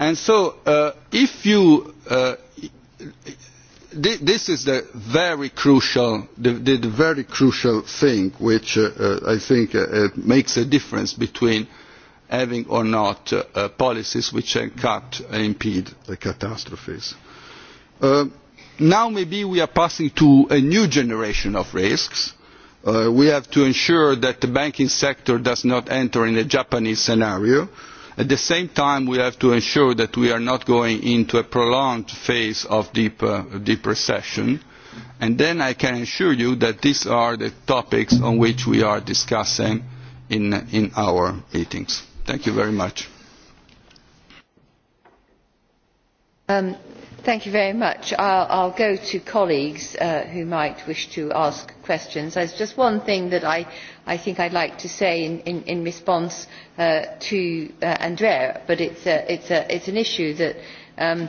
And so uh, if you, uh, th this is the very crucial, the, the, the very crucial thing which uh, uh I think uh, uh, makes a difference between having or not policies which can cut and impede the catastrophes. now maybe we are passing to a new generation of risks. we have to ensure that the banking sector does not enter in a Japanese scenario At the same time, we have to ensure that we are not going into a prolonged phase of deep, uh, deep recession. And then I can assure you that these are the topics on which we are discussing in, in our meetings. Thank you very much. Um Thank you very much. I'll, go to colleagues uh, who might wish to ask questions. There's just one thing that I, I think I'd like to say in, response uh, to uh, Andrea, but it's, a, an issue that um,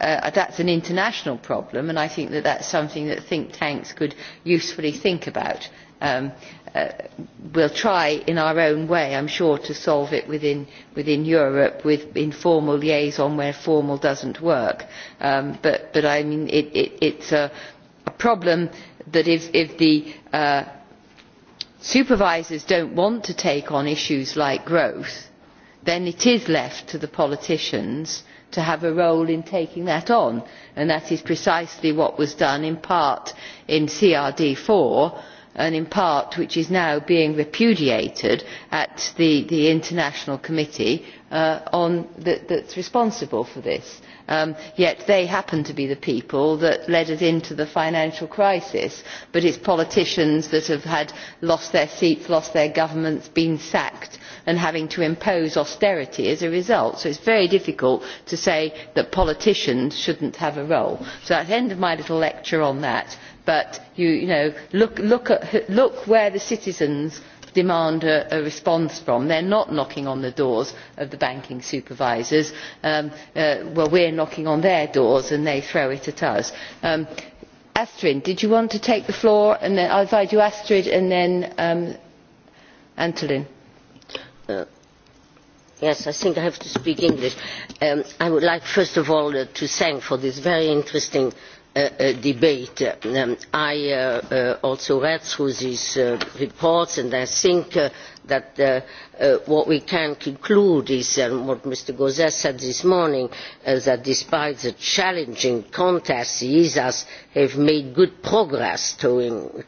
Uh, that is an international problem and I think that is something that think tanks could usefully think about. Um, uh, we will try in our own way, i am sure, to solve it within, Europe with informal liaison where formal does not work. Um, but, it, is a, problem that if, the uh, supervisors do not want to take on issues like growth, then it is left to the politicians to have a role in taking that on and that is precisely what was done in part in crd iv and in part which is now being repudiated at the, international committee uh, that is responsible for this. Um, yet they happen to be the people that led us into the financial crisis but it is politicians that have had lost their seats lost their governments been sacked and having to impose austerity as a result so it is very difficult to say that politicians should not have a role. so that is the end of my little lecture on that but you know, look, look, at, look where the citizens demand a, response from. they are not knocking on the doors of the banking supervisors while um, uh, we are knocking on their doors and they throw it at us. Um, astrid did you want to take the floor i will invite you astrid and then um, antolin. Uh, yes i think i have to speak english. i would like first of all uh, to thank for this very interesting Uh, uh, debate. Um, i uh, also read through these reports and i think that what we can conclude is and um, what mr gauzs said this morning that despite the challenging context the esas have made good progress towards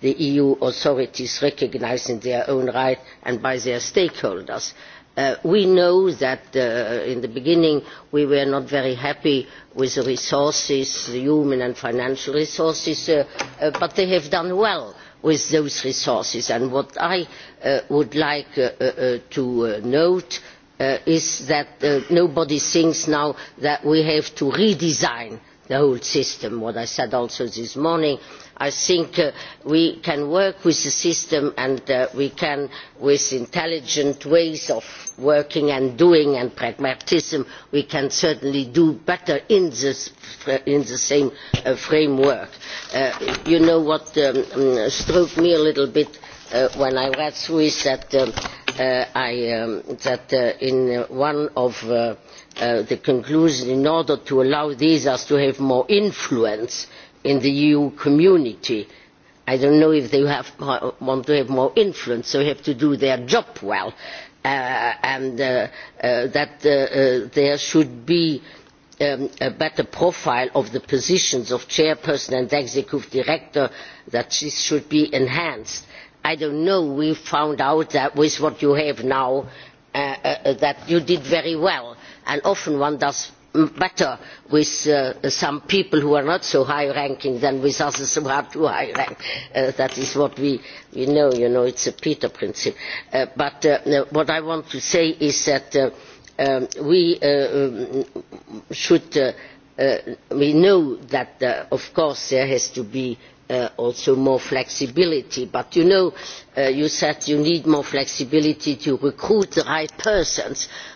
the eu authorities recognising their own rights and by their stakeholders. Uh, we know that uh, in the beginning we were not very happy with the resources, the human and financial resources, uh, uh but they have done well with those resources. And what I uh, would like to note is that nobody thinks now that we have to redesign the whole system, what I said also this morning, uh, i think uh, we can work with the system and uh, we can with intelligent ways of working and doing and pragmatism we can certainly do better in, this, in the same uh, framework. you know what um, um, struck me a little bit Uh, when I read through is that, um, uh, I, um, that in one of the conclusions, in order to allow these us to have more influence, in the eu community. i do not know if they have, want to have more influence so they have to do their job well uh, and uh, uh, that uh, uh, there should be um, a better profile of the positions of chairperson and executive director that this should be enhanced. i do not know we found out that with what you have now uh, that you did very well and often one does better with uh, some people who are not so high ranking than with others who are too high ranking. Uh, that is what we, we know, you know, it's a Peter principle. Uh, but uh, uh, what I want to say is that uh, um, we um, should, we know that of course there has to be Uh, also more flexibility but you know uh, you said you need more flexibility to recruit the right persons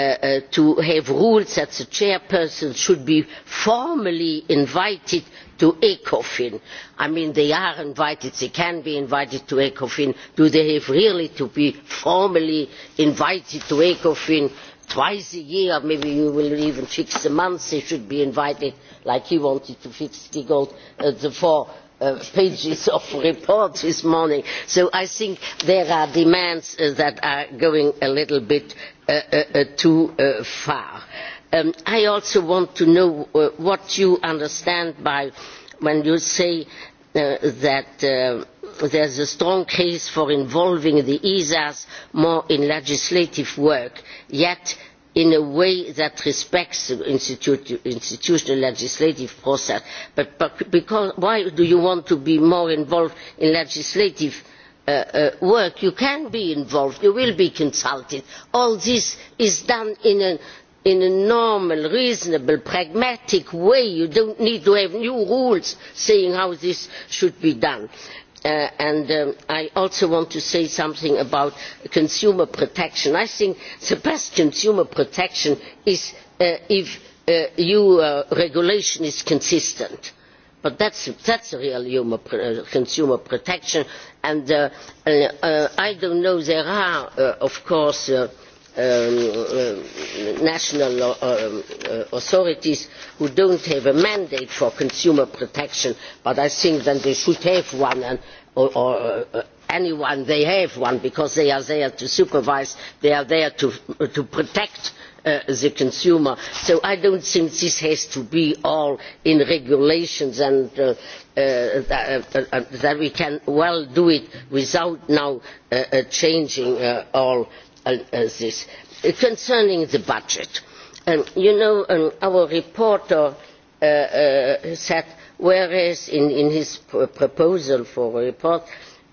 Uh, uh, to have rules that the chairperson should be formally invited to ecofin. i mean they are invited they can be invited to ecofin do they have really to be formally invited to ecofin twice a year maybe you will even fix the months they should be invited like he wanted to fix Giegold, uh, the four Uh, pages of reports this morning so i think there are demands uh, that are going a little bit uh, too far. Um, i also want to know what you understand by when you say that there is a strong case for involving the esas more in legislative work yet in a way that respects the institutional legislative process. But, but because, why do you want to be more involved in legislative uh, uh, work? You can be involved, you will be consulted. All this is done in a, in a normal, reasonable, pragmatic way. You don't need to have new rules saying how this should be done. Uh, Uh, and um, i also want to say something about consumer protection. i think the best consumer protection is uh, if EU uh, regulation is consistent but that is real consumer protection and i do not know there are of course Um, uh, national uh, uh, authorities who do not have a mandate for consumer protection but i think that they should have one or, anyone they have one because they are there to supervise they are there to, protect the consumer. so i do not think this has to be all in regulations and that we can well do it without now changing all Uh, uh, this. Uh, concerning the budget um, you know um, our reporter uh, uh, said whereas in, in his proposal for a report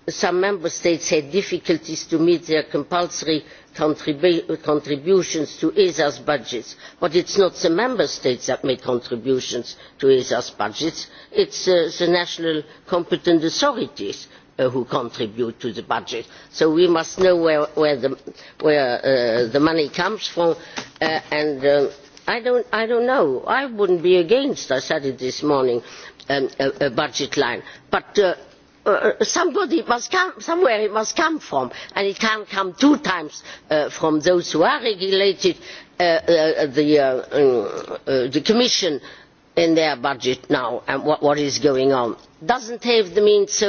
some member states had difficulties to meet their compulsory contribu contributions to esa's budgets but it is not the member states that make contributions to esa's budgets it is uh, the national competent authorities. Uh, who contribute to the budget. So we must know where, where, the, where uh, the, money comes from uh, and I don't, I don't know. I wouldn't be against, I said it this morning, um, a, a, budget line. But Uh, somebody must come, somewhere it must come from and it can't come two times uh, from those who are regulated uh, the, um, the commission in their budget now and what, what is going on doesn't have the means so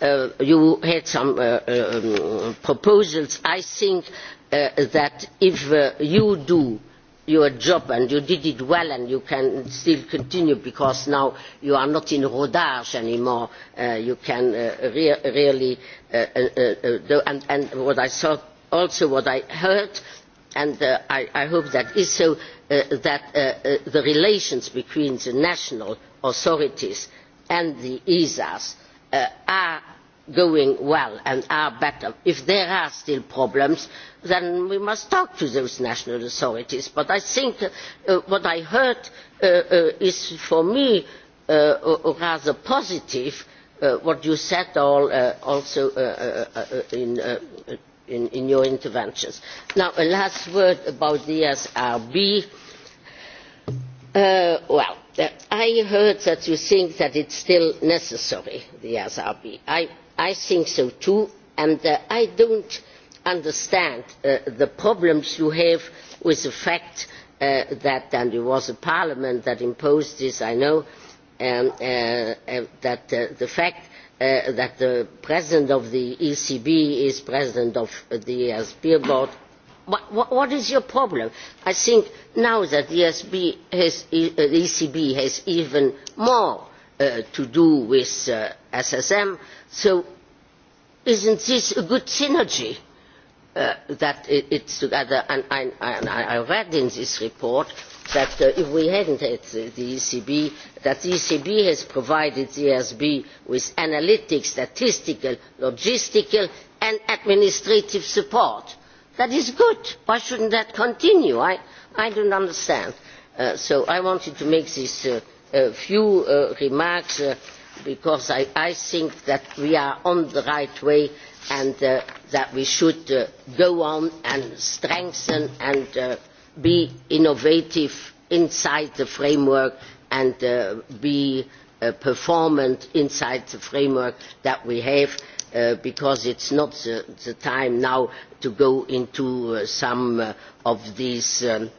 Uh, you had some uh, uh, proposals i think that if you do your job and you did it well and you can still continue because now you are not in rodage anymore you can re really do and, and what i saw also what i heard and uh, I, i hope that is so uh, that uh, the relations between the national authorities and the esas Uh, are going well and are better. if there are still problems then we must talk to those national authorities but i think uh, what i heard uh, is for me rather positive what you said all also in, in, in your interventions. now a last word about the esrb. well I heard that you think that it is still necessary, the SRB. I, think so too, and uh, I do not understand uh, the problems you have with the fact uh, that, and it was a parliament that imposed this, I know, that the fact that the president of the ECB is president of the ESB board what, is your problem? I think now that the ECB has, ECB uh, has even more uh, to do with uh, SSM, so isn't this a good synergy? Uh, that it, it's together, and I, and I read in this report that uh, if we hadn't had the, the ECB, that the ECB has provided the ESB with analytic, statistical, logistical and administrative support that is good. Why shouldn't that continue? I, I don't understand. Uh, so I wanted to make these uh, uh, few remarks uh, because I, I, think that we are on the right way and uh, that we should uh, go on and strengthen and be innovative inside the framework and be Performance inside the framework that we have uh, because it's not the, the time now to go into uh, some uh, of these um,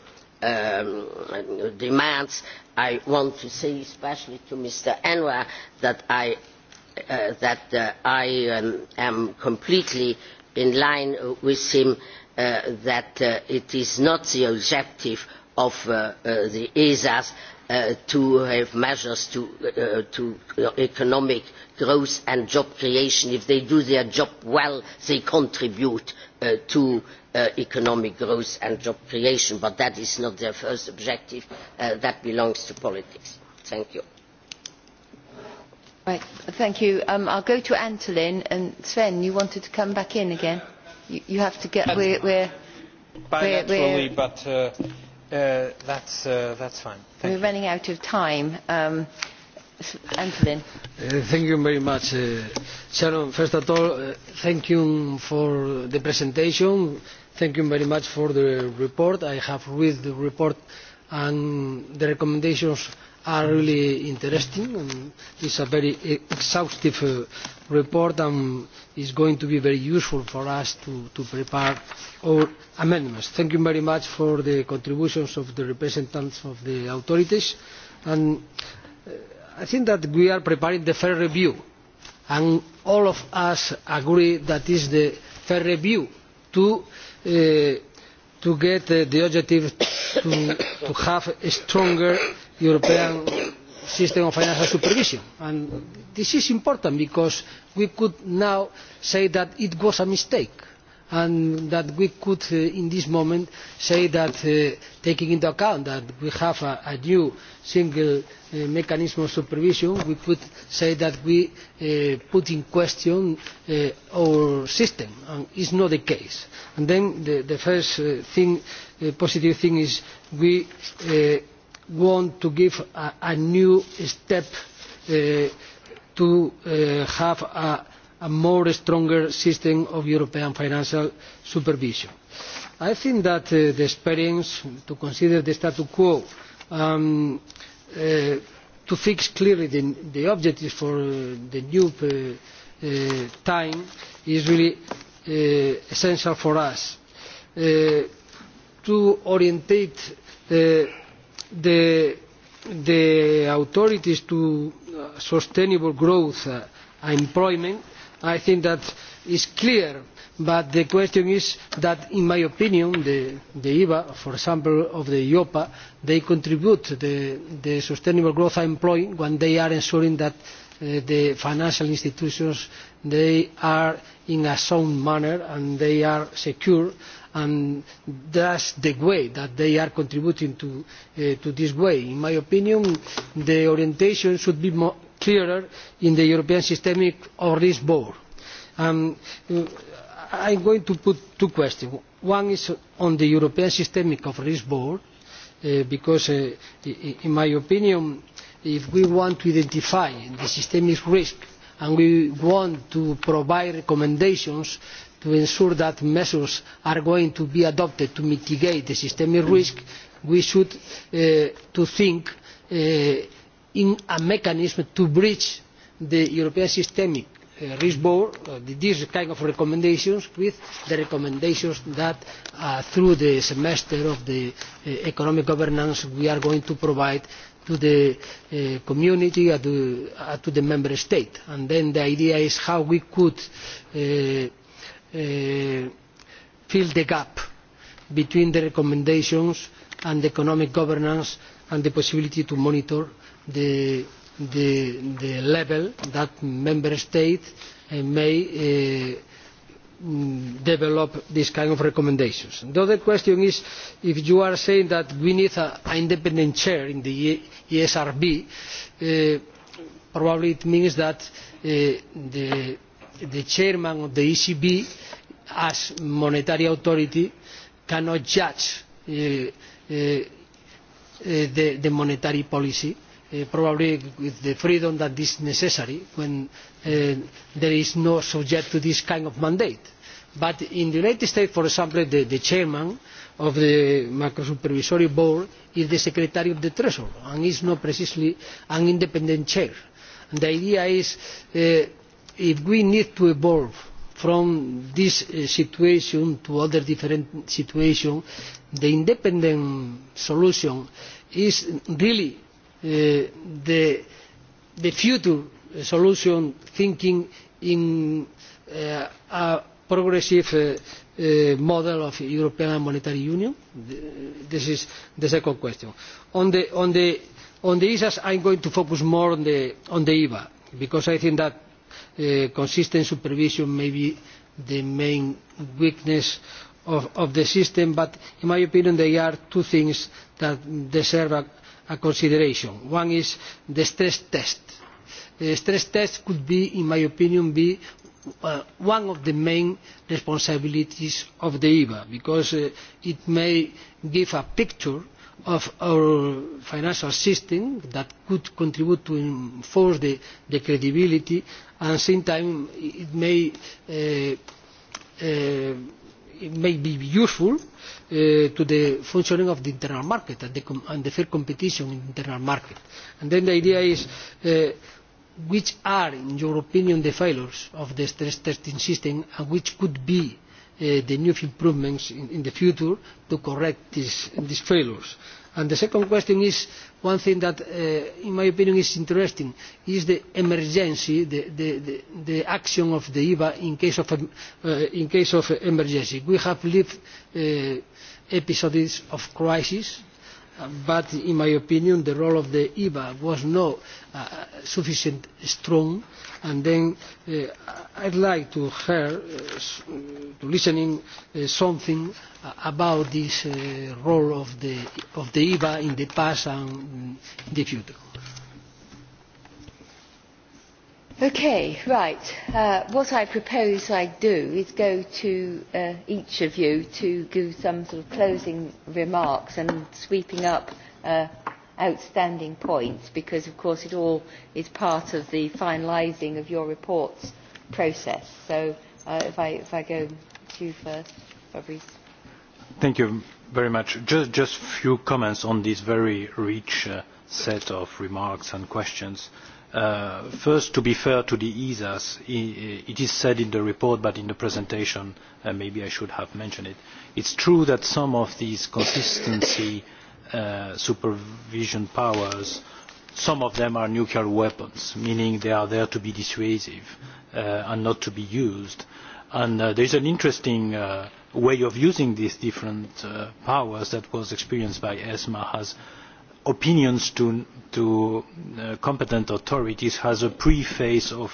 um, demands. I want to say especially to Mr. Anwar that I, uh, that, uh, I um, am completely in line with him uh, that uh, it is not the objective of uh, uh, the ESAs Uh, to have measures to, uh, economic growth and job creation. If they do their job well, they contribute uh, to uh, economic growth and job creation, but that is not their first objective. that belongs to politics. Thank you. thank you. Um, I'll go to Antolin and Sven. You wanted to come back in again. You, have to get. Um, we're, we're, but. Uh, that's, uh, We're running out of time. Um, Antolin. Uh, thank you very much. Uh, Sharon, first of all, thank you for the presentation. Thank you very much for the report. I have read the report and the recommendations are really interesting. And it's a very exhaustive uh, report and is going to be very useful for us to, to prepare our amendments. Thank you very much for the contributions of the representatives of the authorities. And uh, I think that we are preparing the fair review. And all of us agree that is the fair review to, uh, to get uh, the objective to, to have a stronger European System of Financial Supervision. And this is important because we could now say that it was a mistake and that we could at uh, this moment say that uh, taking into account that we have a, new single uh, mechanism of supervision we could say that we are putting into question our system and it is not the case. then the, first positive thing is we want to give a, a new step uh, to uh, have a, a more stronger system of European financial supervision. I think that uh, the experience to consider the status quo, um, uh, to fix clearly the, the objectives for the new uh, uh time is really uh, essential for us. Uh, to orientate the, the authorities to uh, sustainable growth and uh, employment, I think that is clear. But the question is that, in my opinion, the, the IVA, for example, of the IOPA, they contribute the, the sustainable growth and employment when they are ensuring that uh, the financial institutions they are in a sound manner and they are secure and that's the way that they are contributing to, uh, eh, to this way. in my opinion the orientation should be more clearer in the european systemic or risk board. Um, uh, i am going to put two questions. one is on the european systemic of risk board uh, because uh, in my opinion if we want to identify the systemic risk and we want to provide recommendations to ensure that measures are going to be adopted to mitigate the systemic risk we should uh, think of uh, in a mechanism to bridge the european systemic uh, risk board these kind of recommendations with the recommendations that through the semester of the economic governance we are going to provide to the community and to, the member state. And then the idea is how we could Eh, fill the gap between the recommendations and economic governance and the possibility to monitor the, level that member states eh, may eh, mm, develop this kind of recommendations. the other question is if you are saying that we need an independent chair in the esrb probably it means that the the chairman of the ecb as monetary authority cannot judge uh, uh, the, the monetary policy uh, probably with the freedom that is necessary when there is no subject to this kind of mandate. But in the United States, for example, the, the chairman of the macro supervisory board is the secretary of the treasury and is not precisely an independent chair. And the idea is if we need to evolve from this uh, situation to other different situations, the independent solution is really uh, the, future solution thinking in uh, a progressive model of European Monetary Union? This is the second question. On the, ISAs, I am going to focus more on the, EBA, because I think that Eh, consistent supervision may be the main weakness of, the system but in my opinion there are two things that deserve a, consideration. one is the stress test. the stress test could be in my opinion be uh, one of the main responsibilities of the eba because uh, it may give a picture of our financial system that could contribute to enforce the, the credibility and at the same time it may, uh, uh, it may be useful uh, to the functioning of the internal market and the, and the fair competition in the internal market. And then the idea is uh, which are in your opinion the failures of the stress testing system and which could be Uh, the new improvements in, the future to correct these, failures. And the second question is one thing that, uh, in my opinion, is interesting, is the emergency, the, action of the EBA uh, in case of, emergency. We have lived episodes of crisis, but in my opinion, the role of the EBA was not sufficiently strong and then uh, I'd like to hear, uh, to listening uh, something about this uh, role of the of the IVA in the past and in the future. Okay, right. Uh, what I propose I do is go to uh, each of you to give some sort of closing remarks and sweeping up uh, outstanding points because, of course, it all is part of the finalising of your report's process. So uh, if, I, if I go to you first, Fabrice. Thank you very much. Just just few comments on this very rich uh, set of remarks and questions. Uh, first, to be fair to the ESAs, it is said in the report, but in the presentation, uh, maybe I should have mentioned it. It's true that some of these consistency Uh, supervision powers some of them are nuclear weapons meaning they are there to be dissuasive uh, and not to be used and uh, there is an interesting uh, way of using these different uh, powers that was experienced by esma Has opinions to, to competent authorities has a preface of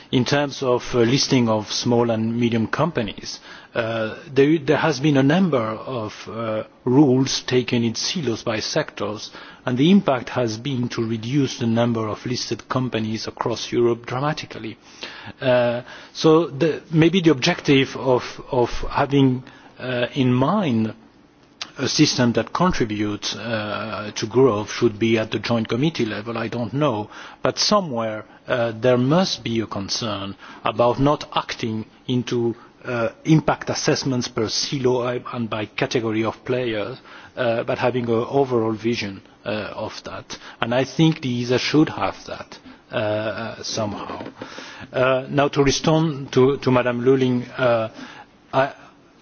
in terms of uh, listing of small and medium companies, uh, there, there has been a number of uh, rules taken in silos by sectors, and the impact has been to reduce the number of listed companies across Europe dramatically. Uh, so maybe the objective of, having in mind a system that contributes uh, to growth should be at the joint committee level, I don't know. But somewhere uh, there must be a concern about not acting into uh, impact assessments per silo and by category of players, uh, but having an overall vision uh, of that. And I think the ESA should have that. Uh, somehow. Uh, now to respond to, to Madame Luling, uh, I,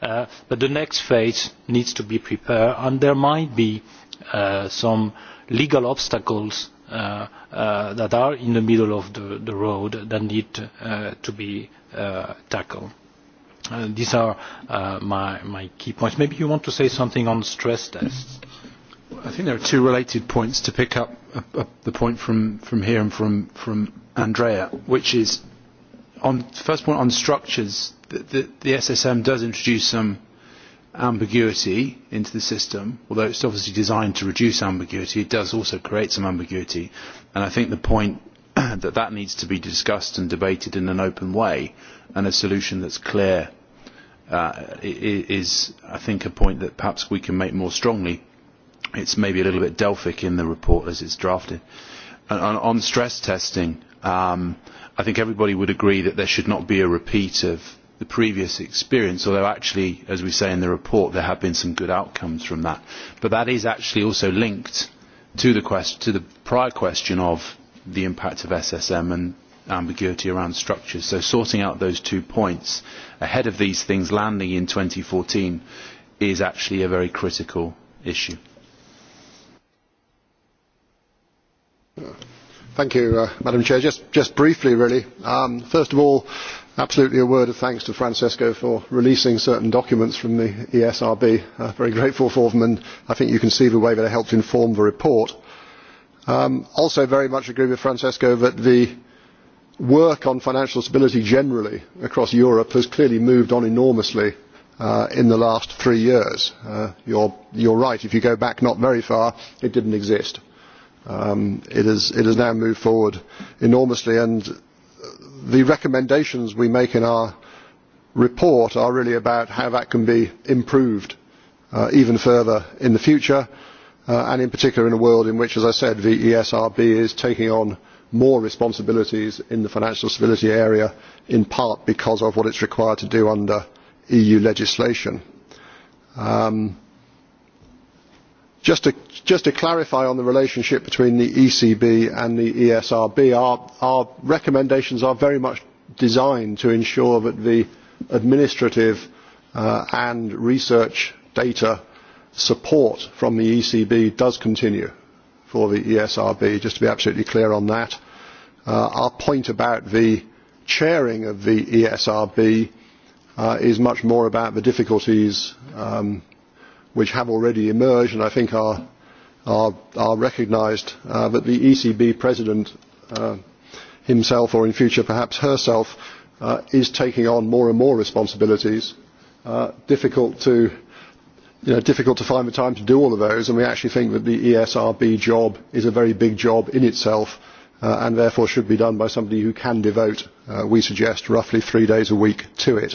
Uh, but the next phase needs to be prepared and there might be uh, some legal obstacles uh, that are in the middle of the, the road that need to be tackled. these are my, key points. Maybe you want to say something on stress tests. I think there are two related points to pick up the point from, from here and from, from Andrea, which is first point on structures, the, the, the SSM does introduce some ambiguity into the system, although it's obviously designed to reduce ambiguity, it does also create some ambiguity. And I think the point that that needs to be discussed and debated in an open way, and a solution that's clear uh, is, I think, a point that perhaps we can make more strongly. It's maybe a little bit Delphic in the report as it's drafted. And on, on stress testing, um, uh, I think everybody would agree that there should not be a repeat of the previous experience, although actually, as we say in the report, there have been some good outcomes from that. But that is actually also linked to the, quest to the prior question of the impact of SSM and ambiguity around structures. So sorting out those two points ahead of these things landing in 2014 is actually a very critical issue. You, uh, madam president just, briefly really um, first of all absolutely a word of thanks to francesco for releasing certain documents from the esrb uh, very grateful for them and i think you can see the way that it helped inform the report. i um, also very much agree with francesco that the work on financial stability generally across europe has clearly moved on enormously uh, in the last three years. you are you're right if you go back not very far it didn't exist Um, it, is, it has now moved forward enormously and the recommendations we make in our report are really about how that can be improved uh, even further in the future uh, and in particular in a world in which, as I said, the ESRB is taking on more responsibilities in the financial stability area in part because of what it's required to do under EU legislation. Um, Just to, just to clarify on the relationship between the ECB and the ESRB, our, our recommendations are very much designed to ensure that the administrative uh, and research data support from the ECB does continue for the ESRB, just to be absolutely clear on that. Uh, our point about the chairing of the ESRB uh, is much more about the difficulties um, which have already emerged and I think are, are, are recognised, uh, but the ECB president uh, himself or in future perhaps herself uh, is taking on more and more responsibilities. Uh, difficult to you know, difficult to find the time to do all of those, and we actually think that the ESRB job is a very big job in itself, uh, and therefore should be done by somebody who can devote, uh, we suggest, roughly three days a week to it.